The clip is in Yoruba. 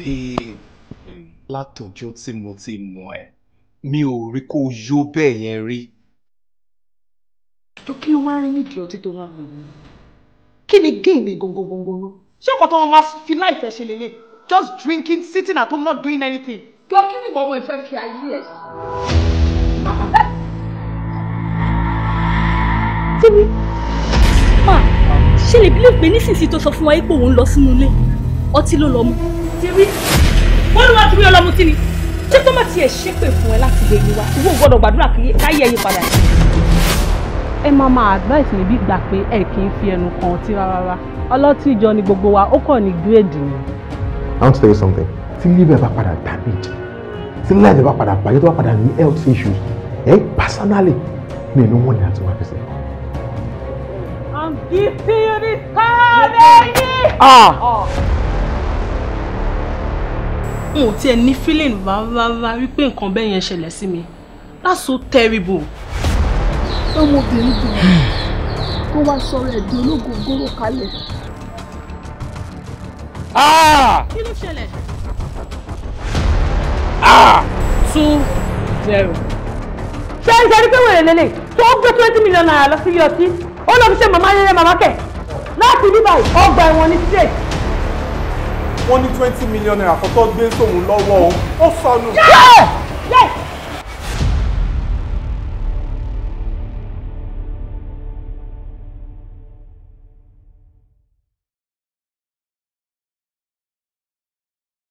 pé látọjọ́ tí mo ti mọ̀ ẹ́ mi ò rí kó yó bẹ́ẹ̀ yẹn rí. tó kí ló wá rí nídìí ọtí tó máa ń mú kí ni gain ni gongongongo ṣé ọkọ tó wọn máa fi láìpẹ́ ṣe lélẹ̀ just drinking sitting at home not doing anything. jọ kí ni bọ́mọ ìfẹ́ fi ayé ẹ̀ ṣe. Fúnmi, ma ṣe lè bí lè pé nísinsìnyí tó sọ fún wa pé òun lọ sínú ilé, ọtí ló lọ mu ti rí wọ́n ní wọ́n ti ọlọ́mú tí ni ṣé tó má tiẹ̀ ṣépè fún ẹ láti lè yí wa ìwọ gbọ́dọ̀ gbàdúrà káyé ẹyin padà. ẹ máa máa advice mi gbà pé ẹ kì í fi ẹnu kan ọtí rárá ọlọ́tí ìjọ ni gbogbo wa ó kàn ní gírèdì ni. I want to tell you something tí libre bá padà damage tí life bá padà bàjẹ́ tó bá padà ní health issues ẹ eh, personally mi ìlú wọn ni àti wá fẹsẹ̀. I'm giving you this card, baby. Ah n ò tiẹ̀ ní feeling rárá wípé nǹkan bẹ́ẹ̀ yẹn ṣẹlẹ̀ sí mi that's so terrible. ọmọbìnrin bẹ̀rẹ̀ kó wá sọ̀rọ̀ ẹ̀dùn olóògógóró kalẹ̀. Ah! kí ló ṣẹlẹ̀. Ah! two zero. ṣé ẹ jẹ́rìí pé wèrè lélẹ̀ tó ń gbé twenty million naira lọ sí yọtí ó lọ fi ṣe màmá yẹyẹ màmá kẹ̀ láti bíbáyìí ọgbà ẹ̀wọ̀n ní state wọ́n ní twenty million naira kọ́kọ́ gbé sóun lọ́wọ́ o ó sọnù.